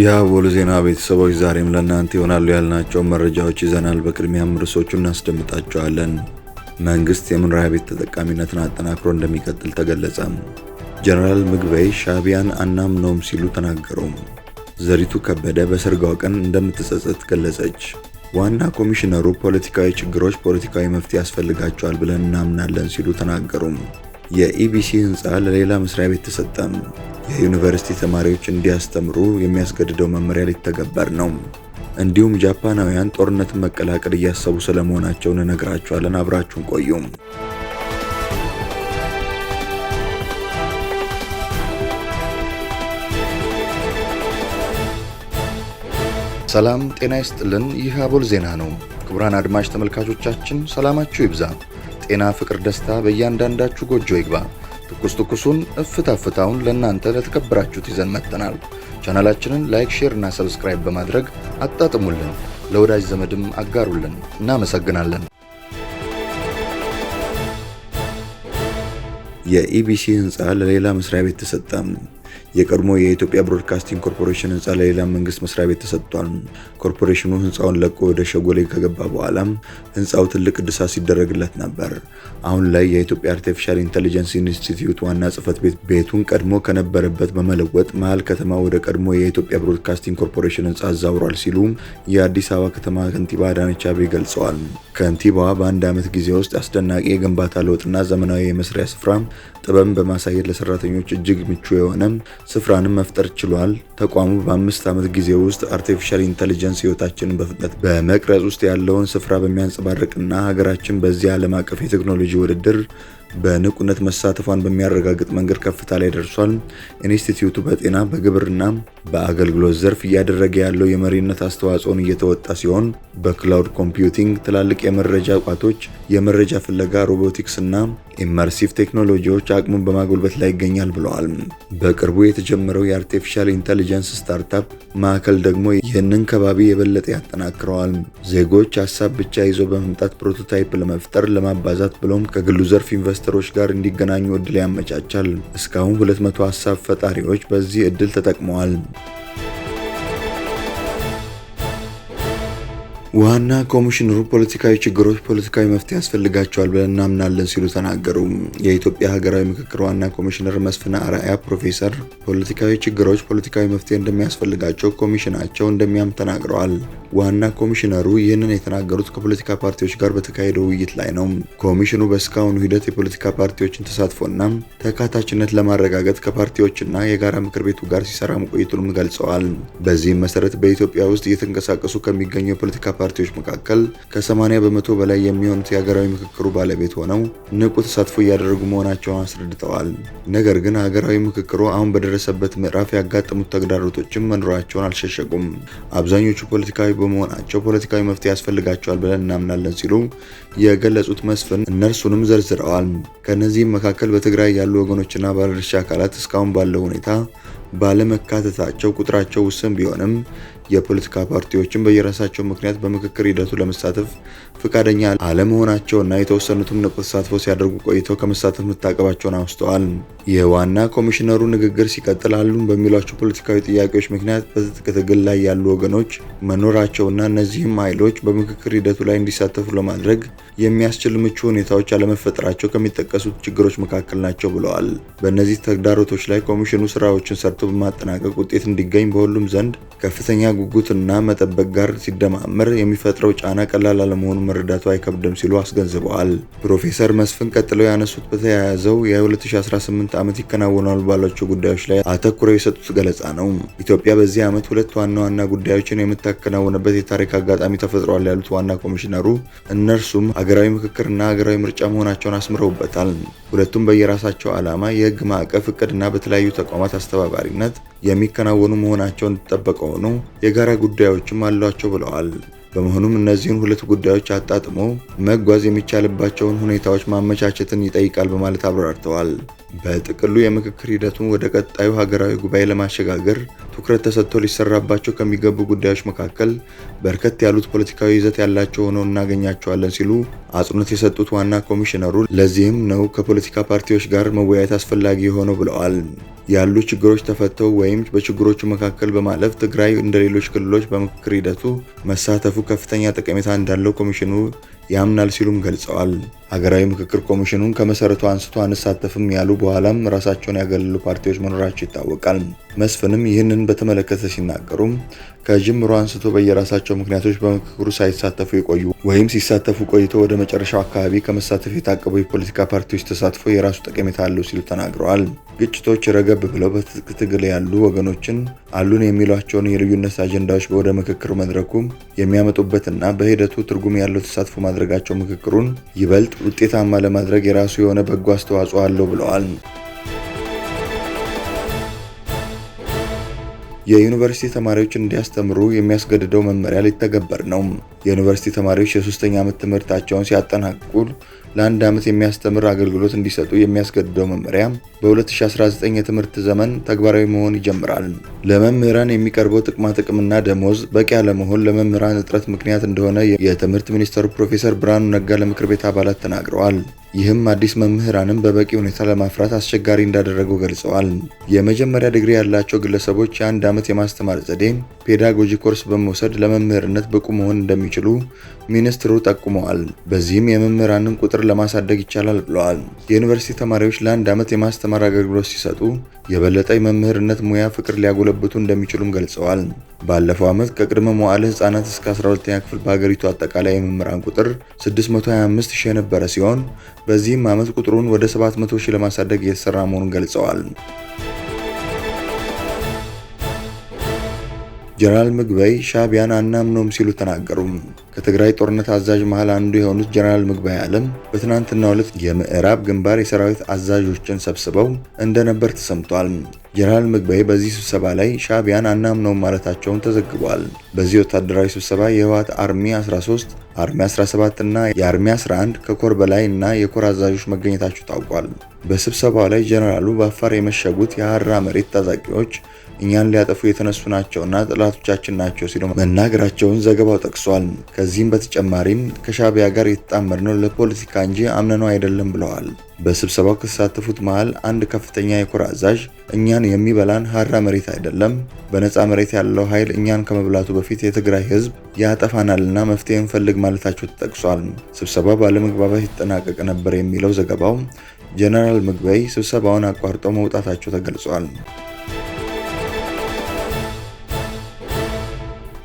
የአቦል ዜና ቤተሰቦች ዛሬም ለእናንተ ይሆናሉ ያልናቸውን መረጃዎች ይዘናል። በቅድሚያም ርዕሶቹ እናስደምጣቸዋለን። መንግስት የመኖሪያ ቤት ተጠቃሚነትን አጠናክሮ እንደሚቀጥል ተገለጸ። ጀነራል ምግበይ ሻቢያን አናምነውም ሲሉ ተናገሩም። ዘሪቱ ከበደ በሰርጋው ቀን እንደምትጸጸት ገለጸች። ዋና ኮሚሽነሩ ፖለቲካዊ ችግሮች ፖለቲካዊ መፍትሄ ያስፈልጋቸዋል ብለን እናምናለን ሲሉ ተናገሩም። የኢቢሲ ህንፃ ለሌላ መስሪያ ቤት ተሰጠም። የዩኒቨርሲቲ ተማሪዎች እንዲያስተምሩ የሚያስገድደው መመሪያ ሊተገበር ነው። እንዲሁም ጃፓናውያን ጦርነትን መቀላቀል እያሰቡ ስለመሆናቸው እንነግራችኋለን። አብራችሁን ቆዩም። ሰላም ጤና ይስጥልን። ይህ አቦል ዜና ነው። ክቡራን አድማጭ ተመልካቾቻችን ሰላማችሁ ይብዛ፣ ጤና፣ ፍቅር፣ ደስታ በእያንዳንዳችሁ ጎጆ ይግባ። ትኩስ ትኩሱን እፍታ ፍታውን ለእናንተ ለተከበራችሁት ይዘን መጥተናል። ቻናላችንን ላይክ፣ ሼር እና ሰብስክራይብ በማድረግ አጣጥሙልን፣ ለወዳጅ ዘመድም አጋሩልን። እናመሰግናለን። የኢቢሲ ህንፃ ለሌላ መስሪያ ቤት ተሰጣም። የቀድሞ የኢትዮጵያ ብሮድካስቲንግ ኮርፖሬሽን ህንፃ ለሌላ መንግስት መስሪያ ቤት ተሰጥቷል። ኮርፖሬሽኑ ህንፃውን ለቆ ወደ ሸጎሌ ከገባ በኋላም ህንፃው ትልቅ እድሳት ሲደረግለት ነበር። አሁን ላይ የኢትዮጵያ አርቲፊሻል ኢንቴሊጀንስ ኢንስቲትዩት ዋና ጽህፈት ቤት ቤቱን ቀድሞ ከነበረበት በመለወጥ መሀል ከተማ ወደ ቀድሞ የኢትዮጵያ ብሮድካስቲንግ ኮርፖሬሽን ህንፃ አዛውሯል ሲሉ የአዲስ አበባ ከተማ ከንቲባ አዳነች አቤቤ ገልጸዋል። ከንቲባዋ በአንድ ዓመት ጊዜ ውስጥ አስደናቂ የግንባታ ለውጥና ዘመናዊ የመስሪያ ስፍራ ጥበብን በማሳየት ለሰራተኞች እጅግ ምቹ የሆነ ስፍራንም መፍጠር ችሏል። ተቋሙ በአምስት ዓመት ጊዜ ውስጥ አርቲፊሻል ኢንተሊጀንስ ህይወታችንን በፍጥነት በመቅረጽ ውስጥ ያለውን ስፍራ በሚያንጸባርቅና ሀገራችን በዚህ ዓለም አቀፍ የቴክኖሎጂ ውድድር በንቁነት መሳተፏን በሚያረጋግጥ መንገድ ከፍታ ላይ ደርሷል። ኢንስቲትዩቱ በጤና በግብርና፣ በአገልግሎት ዘርፍ እያደረገ ያለው የመሪነት አስተዋጽኦን እየተወጣ ሲሆን በክላውድ ኮምፒውቲንግ፣ ትላልቅ የመረጃ ቋቶች፣ የመረጃ ፍለጋ፣ ሮቦቲክስ እና ኢመርሲቭ ቴክኖሎጂዎች አቅሙን በማጎልበት ላይ ይገኛል ብለዋል። በቅርቡ የተጀመረው የአርቲፊሻል ኢንተሊጀንስ ስታርታፕ ማዕከል ደግሞ ይህንን ከባቢ የበለጠ ያጠናክረዋል። ዜጎች ሀሳብ ብቻ ይዞ በመምጣት ፕሮቶታይፕ ለመፍጠር ለማባዛት ብሎም ከግሉ ዘርፍ ኢንቨስት ኢንቨስተሮች ጋር እንዲገናኙ እድል ያመቻቻል። እስካሁን 200 ሀሳብ ፈጣሪዎች በዚህ እድል ተጠቅመዋል። ዋና ኮሚሽነሩ ፖለቲካዊ ችግሮች ፖለቲካዊ መፍትሄ ያስፈልጋቸዋል ብለን እናምናለን ሲሉ ተናገሩ። የኢትዮጵያ ሀገራዊ ምክክር ዋና ኮሚሽነር መስፍን አርአያ ፕሮፌሰር ፖለቲካዊ ችግሮች ፖለቲካዊ መፍትሄ እንደሚያስፈልጋቸው ኮሚሽናቸው እንደሚያም ተናግረዋል። ዋና ኮሚሽነሩ ይህንን የተናገሩት ከፖለቲካ ፓርቲዎች ጋር በተካሄደው ውይይት ላይ ነው። ኮሚሽኑ በእስካሁኑ ሂደት የፖለቲካ ፓርቲዎችን ተሳትፎና ተካታችነት ለማረጋገጥ ከፓርቲዎችና የጋራ ምክር ቤቱ ጋር ሲሰራ መቆየቱንም ገልጸዋል። በዚህም መሰረት በኢትዮጵያ ውስጥ እየተንቀሳቀሱ ከሚገኙ የፖለቲካ ፓርቲዎች መካከል ከ80 በመቶ በላይ የሚሆኑት የሀገራዊ ምክክሩ ባለቤት ሆነው ንቁ ተሳትፎ እያደረጉ መሆናቸውን አስረድተዋል። ነገር ግን ሀገራዊ ምክክሩ አሁን በደረሰበት ምዕራፍ ያጋጠሙት ተግዳሮቶችም መኖራቸውን አልሸሸጉም። አብዛኞቹ ፖለቲካዊ በመሆናቸው ፖለቲካዊ መፍትሄ ያስፈልጋቸዋል ብለን እናምናለን ሲሉ የገለጹት መስፍን እነርሱንም ዘርዝረዋል። ከእነዚህም መካከል በትግራይ ያሉ ወገኖችና ባለድርሻ አካላት እስካሁን ባለው ሁኔታ ባለመካተታቸው ቁጥራቸው ውስን ቢሆንም የፖለቲካ ፓርቲዎችን በየራሳቸው ምክንያት በምክክር ሂደቱ ለመሳተፍ ፈቃደኛ አለመሆናቸውና የተወሰኑትም ንቁ ተሳትፎ ሲያደርጉ ቆይተው ከመሳተፍ መታቀባቸውን አውስተዋል። የዋና ኮሚሽነሩ ንግግር ሲቀጥል አሉን በሚሏቸው ፖለቲካዊ ጥያቄዎች ምክንያት በትጥቅ ትግል ላይ ያሉ ወገኖች መኖራቸውና እነዚህም ኃይሎች በምክክር ሂደቱ ላይ እንዲሳተፉ ለማድረግ የሚያስችል ምቹ ሁኔታዎች አለመፈጠራቸው ከሚጠቀሱት ችግሮች መካከል ናቸው ብለዋል። በእነዚህ ተግዳሮቶች ላይ ኮሚሽኑ ስራዎችን ሰርቶ በማጠናቀቅ ውጤት እንዲገኝ በሁሉም ዘንድ ከፍተኛ ጉጉትና መጠበቅ ጋር ሲደማመር የሚፈጥረው ጫና ቀላል አለመሆኑ መረዳቱ አይከብድም ሲሉ አስገንዝበዋል። ፕሮፌሰር መስፍን ቀጥለው ያነሱት በተያያዘው የ2018 ዓመት ይከናወናሉ ባሏቸው ጉዳዮች ላይ አተኩረው የሰጡት ገለጻ ነው። ኢትዮጵያ በዚህ ዓመት ሁለት ዋና ዋና ጉዳዮችን የምታከናውንበት የታሪክ አጋጣሚ ተፈጥሯል ያሉት ዋና ኮሚሽነሩ እነርሱም ሀገራዊ ምክክርና ሀገራዊ ምርጫ መሆናቸውን አስምረውበታል። ሁለቱም በየራሳቸው ዓላማ፣ የህግ ማዕቀፍ፣ እቅድና በተለያዩ ተቋማት አስተባባሪነት የሚከናወኑ መሆናቸውን ተጠበቀው ሆኖ የጋራ ጉዳዮችም አሏቸው ብለዋል። በመሆኑም እነዚህን ሁለት ጉዳዮች አጣጥሞ መጓዝ የሚቻልባቸውን ሁኔታዎች ማመቻቸትን ይጠይቃል በማለት አብራርተዋል። በጥቅሉ የምክክር ሂደቱን ወደ ቀጣዩ ሀገራዊ ጉባኤ ለማሸጋገር ትኩረት ተሰጥቶ ሊሰራባቸው ከሚገቡ ጉዳዮች መካከል በርከት ያሉት ፖለቲካዊ ይዘት ያላቸው ሆነው እናገኛቸዋለን ሲሉ አጽንኦት የሰጡት ዋና ኮሚሽነሩ ለዚህም ነው ከፖለቲካ ፓርቲዎች ጋር መወያየት አስፈላጊ የሆነው ብለዋል። ያሉ ችግሮች ተፈተው ወይም በችግሮቹ መካከል በማለፍ ትግራይ እንደ ሌሎች ክልሎች በምክክር ሂደቱ መሳተፉ ከፍተኛ ጠቀሜታ እንዳለው ኮሚሽኑ ያምናል ሲሉም ገልጸዋል። ሀገራዊ ምክክር ኮሚሽኑን ከመሰረቱ አንስቶ አንሳተፍም ያሉ በኋላም ራሳቸውን ያገለሉ ፓርቲዎች መኖራቸው ይታወቃል። መስፍንም ይህንን በተመለከተ ሲናገሩም ከጅምሮ አንስቶ በየራሳቸው ምክንያቶች በምክክሩ ሳይሳተፉ የቆዩ ወይም ሲሳተፉ ቆይቶ ወደ መጨረሻው አካባቢ ከመሳተፍ የታቀቡ የፖለቲካ ፓርቲዎች ተሳትፎ የራሱ ጠቀሜታ አለው ሲሉ ተናግረዋል። ግጭቶች ረገብ ብለው በትጥቅ ትግል ያሉ ወገኖችን አሉን የሚሏቸውን የልዩነት አጀንዳዎች ወደ ምክክር መድረኩ የሚያመጡበትና በሂደቱ ትርጉም ያለው ተሳትፎ ማድረግ ያደረጋቸው ምክክሩን ይበልጥ ውጤታማ ለማድረግ የራሱ የሆነ በጎ አስተዋጽኦ አለው ብለዋል። የዩኒቨርሲቲ ተማሪዎችን እንዲያስተምሩ የሚያስገድደው መመሪያ ሊተገበር ነው። የዩኒቨርሲቲ ተማሪዎች የሶስተኛ ዓመት ትምህርታቸውን ሲያጠናቅቁ ለአንድ ዓመት የሚያስተምር አገልግሎት እንዲሰጡ የሚያስገድደው መመሪያ በ2019 የትምህርት ዘመን ተግባራዊ መሆን ይጀምራል። ለመምህራን የሚቀርበው ጥቅማ ጥቅምና ደሞዝ በቂ አለመሆን ለመምህራን እጥረት ምክንያት እንደሆነ የትምህርት ሚኒስትሩ ፕሮፌሰር ብርሃኑ ነጋ ለምክር ቤት አባላት ተናግረዋል። ይህም አዲስ መምህራንን በበቂ ሁኔታ ለማፍራት አስቸጋሪ እንዳደረገው ገልጸዋል። የመጀመሪያ ዲግሪ ያላቸው ግለሰቦች የአንድ ዓመት የማስተማር ዘዴ ፔዳጎጂ ኮርስ በመውሰድ ለመምህርነት ብቁ መሆን እንደሚችሉ ሚኒስትሩ ጠቁመዋል። በዚህም የመምህራንን ቁጥር ለማሳደግ ይቻላል ብለዋል። የዩኒቨርሲቲ ተማሪዎች ለአንድ ዓመት የማስተማር አገልግሎት ሲሰጡ የበለጠ የመምህርነት ሙያ ፍቅር ሊያጎለብቱ እንደሚችሉም ገልጸዋል። ባለፈው ዓመት ከቅድመ መዋዕለ ህጻናት እስከ 12ኛ ክፍል በሀገሪቱ አጠቃላይ የመምህራን ቁጥር 625 ሺህ የነበረ ሲሆን በዚህም ዓመት ቁጥሩን ወደ 700 ሺህ ለማሳደግ እየተሰራ መሆኑን ገልጸዋል። ጀነራል ምግበይ ሻቢያን አናምነውም ሲሉ ተናገሩ። ከትግራይ ጦርነት አዛዥ መሃል አንዱ የሆኑት ጀነራል ምግበይ ዓለም በትናንትናው ዕለት የምዕራብ ግንባር የሰራዊት አዛዦችን ሰብስበው እንደነበር ተሰምቷል። ጀነራል ምግበይ በዚህ ስብሰባ ላይ ሻቢያን አናምነውም ማለታቸውን ተዘግቧል። በዚህ ወታደራዊ ስብሰባ የህወሓት አርሚ 13 አርሚ 17 እና የአርሚ 11 ከኮር በላይ እና የኮር አዛዦች መገኘታቸው ታውቋል። በስብሰባው ላይ ጀነራሉ በአፋር የመሸጉት የሀራ መሬት ታዛቂዎች እኛን ሊያጠፉ የተነሱ ናቸውና ጠላቶቻችን ናቸው ሲሉ መናገራቸውን ዘገባው ጠቅሷል። ከዚህም በተጨማሪም ከሻቢያ ጋር የተጣመርነው ለፖለቲካ እንጂ አምነነው አይደለም ብለዋል። በስብሰባው ከተሳተፉት መሃል አንድ ከፍተኛ የኮር አዛዥ እኛን የሚበላን ሀራ መሬት አይደለም፣ በነፃ መሬት ያለው ኃይል እኛን ከመብላቱ በፊት የትግራይ ያጠፋናል ያጠፋናልና መፍትሄ እንፈልግ ማለታቸው ተጠቅሷል። ስብሰባው ባለመግባባት ይጠናቀቅ ነበር የሚለው ዘገባው ጀነራል ምግበይ ስብሰባውን አቋርጠው መውጣታቸው ተገልጿል።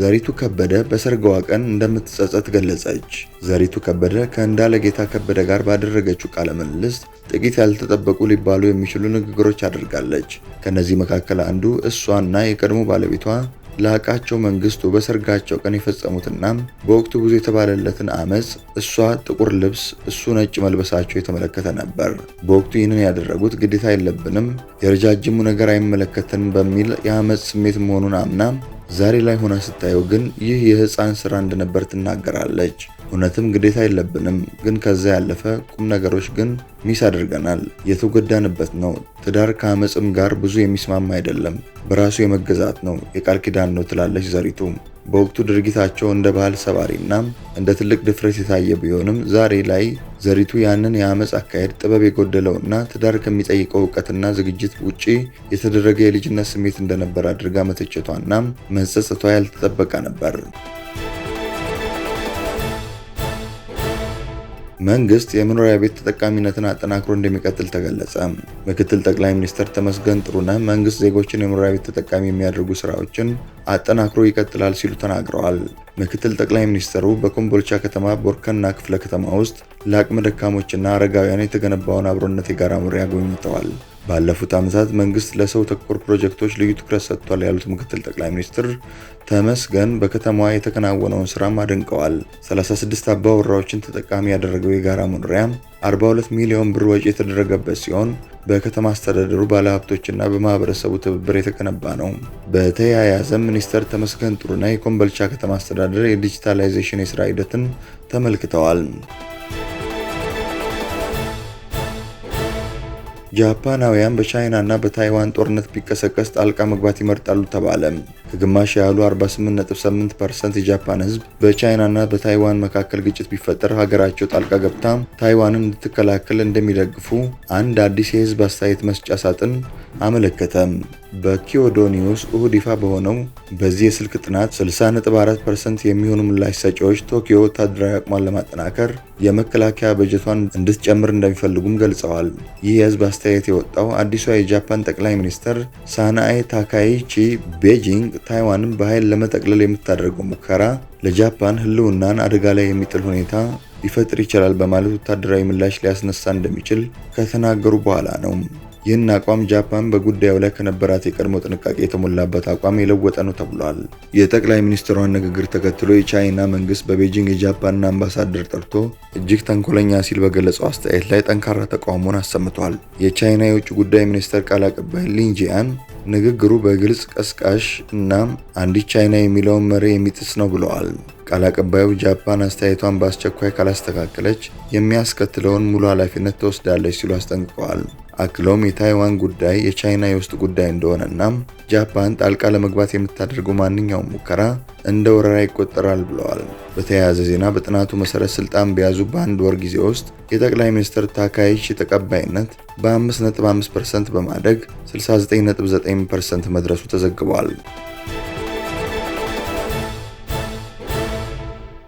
ዘሪቱ ከበደ በሰርገዋ ቀን እንደምትጸጸት ገለጸች። ዘሪቱ ከበደ ከእንዳለጌታ ከበደ ጋር ባደረገችው ቃለ ምልልስ ጥቂት ያልተጠበቁ ሊባሉ የሚችሉ ንግግሮች አድርጋለች። ከነዚህ መካከል አንዱ እሷና የቀድሞ ባለቤቷ ላቃቸው መንግስቱ በሰርጋቸው ቀን የፈጸሙትና በወቅቱ ብዙ የተባለለትን አመፅ እሷ ጥቁር ልብስ እሱ ነጭ መልበሳቸው የተመለከተ ነበር። በወቅቱ ይህንን ያደረጉት ግዴታ የለብንም የረጃጅሙ ነገር አይመለከተንም በሚል የአመፅ ስሜት መሆኑን አምና ዛሬ ላይ ሆና ስታየው ግን ይህ የህፃን ስራ እንደነበር ትናገራለች። እውነትም ግዴታ የለብንም፣ ግን ከዛ ያለፈ ቁም ነገሮች ግን ሚስ አድርገናል። የተጎዳንበት ነው። ትዳር ከአመፅም ጋር ብዙ የሚስማማ አይደለም፣ በራሱ የመገዛት ነው፣ የቃል ኪዳን ነው ትላለች ዘሪቱ። በወቅቱ ድርጊታቸው እንደ ባህል ሰባሪና እንደ ትልቅ ድፍረት የታየ ቢሆንም ዛሬ ላይ ዘሪቱ ያንን የአመፅ አካሄድ ጥበብ የጎደለውና ትዳር ከሚጠይቀው እውቀትና ዝግጅት ውጪ የተደረገ የልጅነት ስሜት እንደነበር አድርጋ መተቸቷና መጸጸቷ ያልተጠበቀ ነበር። መንግስት የመኖሪያ ቤት ተጠቃሚነትን አጠናክሮ እንደሚቀጥል ተገለጸ። ምክትል ጠቅላይ ሚኒስትር ተመስገን ጥሩነህ መንግስት ዜጎችን የመኖሪያ ቤት ተጠቃሚ የሚያደርጉ ስራዎችን አጠናክሮ ይቀጥላል ሲሉ ተናግረዋል። ምክትል ጠቅላይ ሚኒስትሩ በኮምቦልቻ ከተማ ቦርከና ክፍለ ከተማ ውስጥ ለአቅመ ደካሞችና አረጋውያን የተገነባውን አብሮነት የጋራ መኖሪያ ጎብኝተዋል። ባለፉት ዓመታት መንግስት ለሰው ተኮር ፕሮጀክቶች ልዩ ትኩረት ሰጥቷል ያሉት ምክትል ጠቅላይ ሚኒስትር ተመስገን በከተማዋ የተከናወነውን ስራም አድንቀዋል። 36 አባወራዎችን ተጠቃሚ ያደረገው የጋራ መኖሪያ 42 ሚሊዮን ብር ወጪ የተደረገበት ሲሆን በከተማ አስተዳደሩ ባለሀብቶችና በማህበረሰቡ ትብብር የተገነባ ነው። በተያያዘ ሚኒስተር ተመስገን ጥሩነህ የኮምቦልቻ ከተማ አስተዳደር የዲጂታላይዜሽን የስራ ሂደትን ተመልክተዋል። ጃፓናውያን በቻይናና በታይዋን ጦርነት ቢቀሰቀስ ጣልቃ መግባት ይመርጣሉ ተባለም ከግማሽ ያህሉ 48.8% የጃፓን ህዝብ በቻይናና በታይዋን መካከል ግጭት ቢፈጠር ሀገራቸው ጣልቃ ገብታ ታይዋንን እንድትከላከል እንደሚደግፉ አንድ አዲስ የህዝብ አስተያየት መስጫ ሳጥን አመለከተም። በኪዮዶ ኒውስ እሁድ ይፋ በሆነው በዚህ የስልክ ጥናት 60.4% የሚሆኑ ምላሽ ሰጪዎች ቶኪዮ ወታደራዊ አቅሟን ለማጠናከር የመከላከያ በጀቷን እንድትጨምር እንደሚፈልጉም ገልጸዋል። ይህ የህዝብ አስተያየት የወጣው አዲሷ የጃፓን ጠቅላይ ሚኒስትር ሳናኤ ታካይቺ ቤጂንግ ታይዋንን በኃይል ለመጠቅለል የምታደርገው ሙከራ ለጃፓን ህልውናን አደጋ ላይ የሚጥል ሁኔታ ሊፈጥር ይችላል በማለት ወታደራዊ ምላሽ ሊያስነሳ እንደሚችል ከተናገሩ በኋላ ነው ይህን አቋም ጃፓን በጉዳዩ ላይ ከነበራት የቀድሞ ጥንቃቄ የተሞላበት አቋም የለወጠ ነው ተብሏል። የጠቅላይ ሚኒስትሯን ንግግር ተከትሎ የቻይና መንግስት በቤጂንግ የጃፓንን አምባሳደር ጠርቶ እጅግ ተንኮለኛ ሲል በገለጸው አስተያየት ላይ ጠንካራ ተቃውሞን አሰምቷል። የቻይና የውጭ ጉዳይ ሚኒስቴር ቃል አቀባይ ሊንጂያን ንግግሩ በግልጽ ቀስቃሽ እና አንዲት ቻይና የሚለውን መሪ የሚጥስ ነው ብለዋል። ቃል አቀባዩ ጃፓን አስተያየቷን በአስቸኳይ ካላስተካከለች የሚያስከትለውን ሙሉ ኃላፊነት ትወስዳለች ሲሉ አስጠንቅቀዋል። አክለውም የታይዋን ጉዳይ የቻይና የውስጥ ጉዳይ እንደሆነና ጃፓን ጣልቃ ለመግባት የምታደርገው ማንኛውም ሙከራ እንደ ወረራ ይቆጠራል ብለዋል። በተያያዘ ዜና በጥናቱ መሰረት ስልጣን በያዙ በአንድ ወር ጊዜ ውስጥ የጠቅላይ ሚኒስትር ታካይቺ ተቀባይነት በ5.5% በማደግ 69.9% መድረሱ ተዘግቧል።